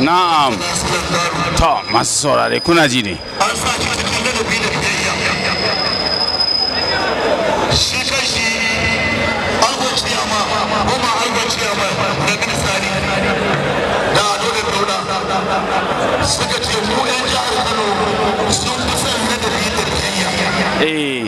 na'am ta masu saurare kuna ji ne an eh. ladabi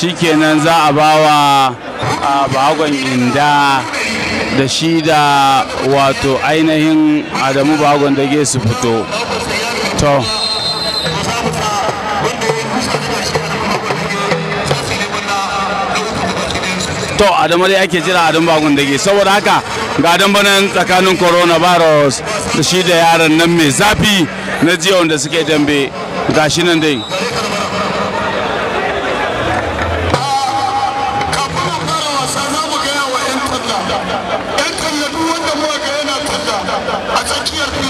shikenan za a bawa bagon inda da shi da wato ainihin adamu da dage su fito to to adamu dai ake jira adamu da dage saboda haka ga bana tsakanin coronavirus da shi da yaran nan mai zafi na jiya wanda suke dambe gashi nan dai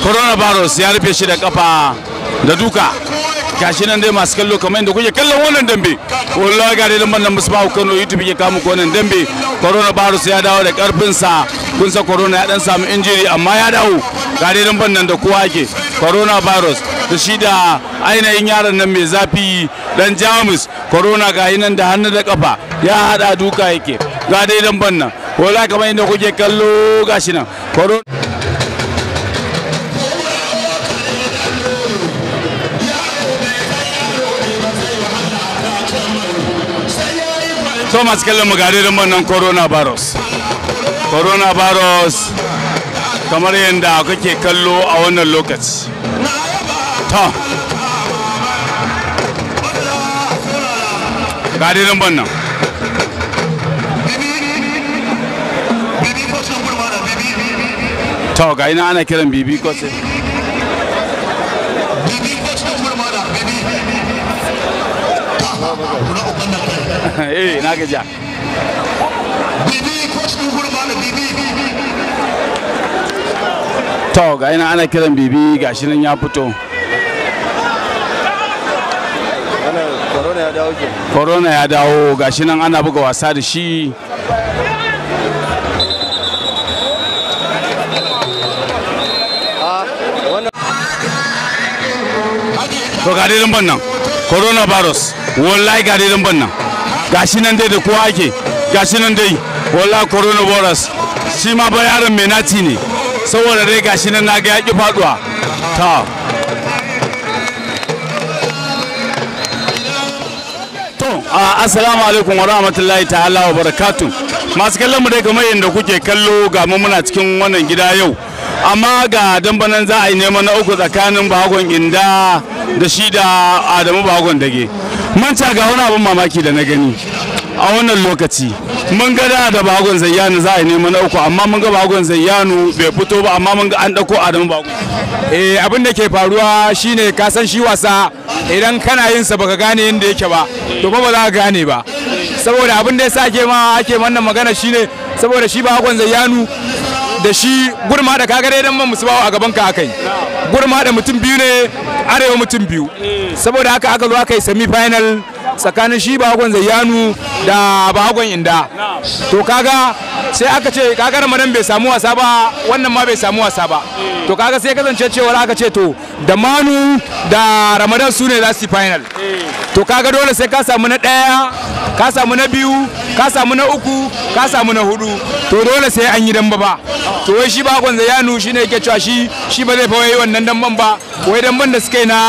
coronavirus ya rufe shi da kafa da duka kashi nan dai masu kallo kamar inda kuke kallon wannan dambe wallahi ga dai dalilan musu musbahu Kano YouTube ke kamu ko wannan dambe coronavirus ya dawo da karfin sa kun sa corona ya dan samu injury amma ya dawo ga dai lamban nan da kowa yake coronavirus da shi da ainihin yaron nan mai zafi dan Jamus corona ga nan da hannu da kafa ya hada duka yake ga dai lamban nan wallahi kamar inda kuke kallo gashi nan corona so masu kallon mu gare don wannan coronavirus coronavirus kamar yadda kake kallo a wannan lokaci ta gare wannan ta ga ina ana kiran bibi ko sai bibi ko sai bibi eh na gaja bibi bibi to ga ina ana kiran bibi gashi nan ya fito corona ya dawo gashi nan ana buga wasa da shi to ga dai ban nan coronavirus wallahi ga dai ban nan gashi nan dai da kowa ake gashi nan dai walla coronavirus shi ma ba yaron mai nati ne saboda dai gashi nan na ga yaƙi faduwa ta assalamu alaikum wa rahmatullahi ta'ala wa barakatun masu kallon mu dai kamar yadda kuke kallo ga mu muna cikin wannan gida yau amma ga dambanan za a yi neman na uku tsakanin bahagon inda da shi da adamu bahagon dage manta ga wani abin mamaki da na gani a wannan lokaci mun ga da da bagon zayyanu za a yi neman uku amma mun ga bagon zayyanu bai fito ba amma mun ga an dauko adamu bagon eh abin da ke faruwa shine ka san shi wasa idan kana yin sa baka gane yadda yake ba to ba ba za ka gane ba saboda abin da yasa ake ma ake wannan magana shine saboda shi bagon zayyanu da shi gurma da kagare dan man bawa a gaban ka akai gurma da mutum biyu ne arewa mutum biyu saboda haka aka zo aka yi semi final tsakanin shi bagon zayyanu da bagon inda to kaga sai aka ce kaga ramadan bai samu wasa ba wannan ma bai samu wasa ba to kaga sai kasance cewar aka ce to da manu da ramadan su ne za su final to kaga dole sai ka samu na ɗaya ka samu na biyu ka samu na uku ka samu na hudu to dole sai an yi damba ba to wai shi bakon shi ne yake cewa shi shi ba zai fa wannan damban ba wai damban da suka yi na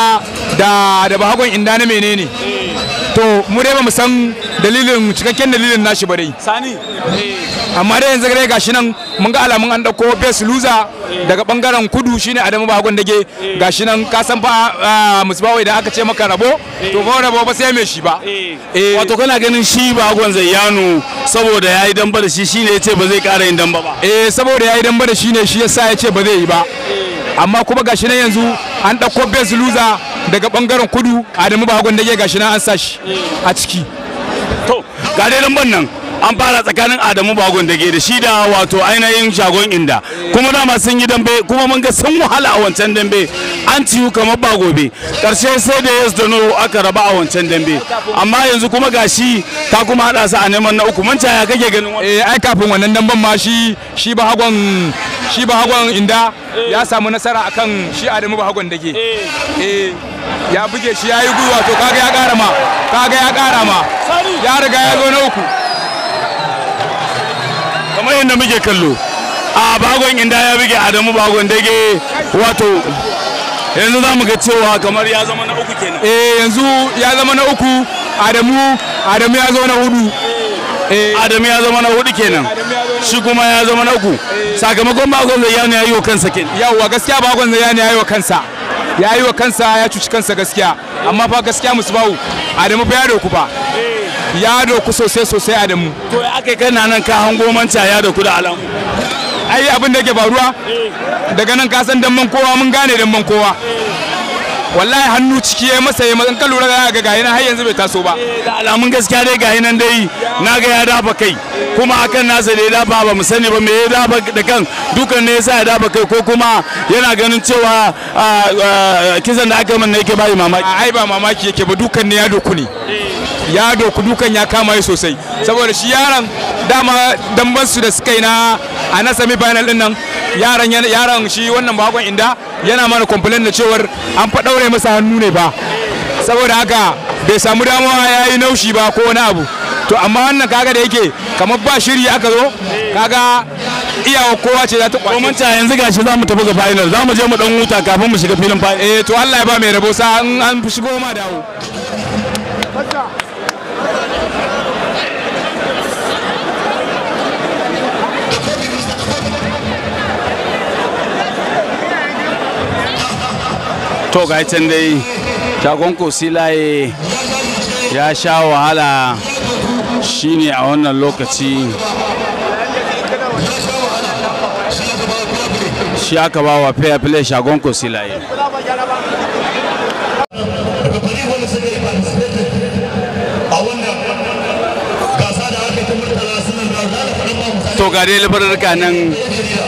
da da bakon inda na menene to mu dai ba mu san dalilin cikakken dalilin nashi ba dai sani eh. amma dai yanzu gare gashi nan mun ga alamun an dauko best loser daga bangaren kudu shine Adamu Bagon dage gashi nan ka san fa musbawai da aka ce maka rabo to ba rabo ba sai mai shi ba eh. Eh. wato kana ganin shi Bagon Zayyano saboda yayi damba da shi shine yace ba zai ƙara yin damba ba eh saboda yayi damba da shi ne shi yasa yace ba zai yi ba eh. amma kuma gashi nan yanzu an dauko best loser daga bangaren kudu Adamu Bagon dage gashi nan an sa shi a ciki to ga dai lamban nan an fara tsakanin adamu bagon da ke da shi da wato ainihin shagon inda kuma dama sun yi dambe kuma mun ga sun wahala a wancan dambe an ciyu kamar ba gobe karshe sai da yes da no aka raba a wancan dambe amma yanzu kuma gashi ta kuma hada su a neman na uku mun ya kake ganin wannan eh ai kafin wannan damben ma shi shi ba hagon shi ba hagon inda ya samu nasara akan shi adamu ba hagon da ke eh ya buge shi ya yi gwiwa to kaga ya kara ma kaga ya kara ma ya riga ya zo na uku yayin da muke kallo a bagon inda ya buge adamu bagon dage wato yanzu za mu ga cewa kamar ya zama na uku kenan eh yanzu ya zama na uku adamu adamu ya zama na hudu eh, adamu ya zama na hudu kenan shi kuma ya zama na uku sakamakon bagon zai yana yayi wa kansa kenan yawa gaskiya bagon zai yana yayi wa kansa ya yi wa kansa ya cuci kansa gaskiya amma fa gaskiya musu bawu adamu fa ya doku fa yado ku sosai sosai a da mu to aka kai nan ka hango manta yado ku da alamu ai abin da ke faruwa eh. daga nan ka san damban kowa mun gane damban kowa eh. wallahi hannu ciki ya masa ya ka lura ga ga gayi har yanzu bai taso ba eh, da alamun gaskiya dai gayi nan dai na ga ya dafa kai kuma akan nasa da ya dafa ba mu sani ba me ya dafa da kan dukan ne yasa ya dafa kai ko kuma yana ganin cewa ah, ah, kisan da aka min ne yake bai mamaki ai ba mamaki yake ba dukan ne ya doku ne ya doku dukan ya kama yi sosai saboda shi yaran dama damban su da suka yi na a na sami final din nan yaran yaran shi wannan bakon inda yana mana complain da cewar an fa daure masa hannu ne ba saboda haka bai samu damuwa ya yi naushi ba ko wani abu to amma wannan kaga da yake kamar ba shiri aka zo kaga iyawa kowa ce za ta kwace. Domin ta yanzu gashi za mu tafi ga final za mu je mu dan huta kafin mu shiga filin final. Eh to Allah ya ba mai rabo sa an shigo ma dawo. to ga can dai shagon kosilaye ya sha wahala shine a wannan lokaci shi aka ba wa fair play shagon silaye to ga dai labarurka nan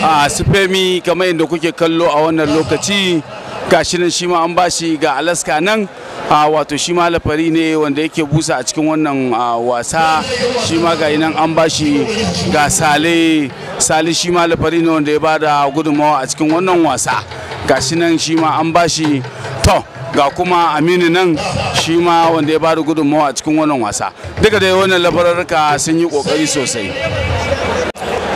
a sufemi kamar yadda kuke kallo a wannan lokaci gashi nan shi ma an bashi ga alaska nan a wato shi ma lafari ne wanda yake busa a cikin wannan wasa shi ma ga nan an bashi ga sale sale shi ma lafari ne wanda ya bada gudunmawa a cikin wannan wasa gashi nan shi ma an bashi to ga kuma aminu nan shi ma wanda ya bada gudunmawa a cikin wannan wasa duka dai wannan labararka sun yi kokari sosai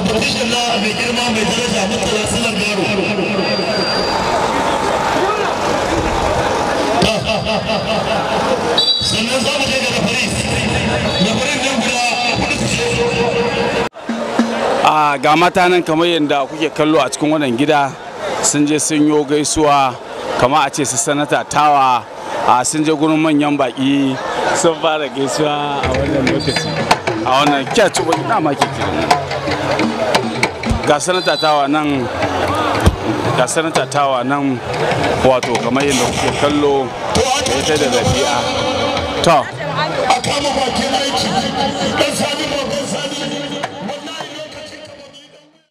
girma daraja ga nan mata nan kamar yadda kuke kallo a cikin wannan gida sun je sun yo gaisuwa kama a ce su sanata tawa a sun je gurin manyan baki sun fara gaisuwa a wannan lokaci a wannan kya ci wani dama ke kiran ga sanata tawa nan ga sanata tawa nan wato kamar yadda kuke kallo ya ta da rabi'a to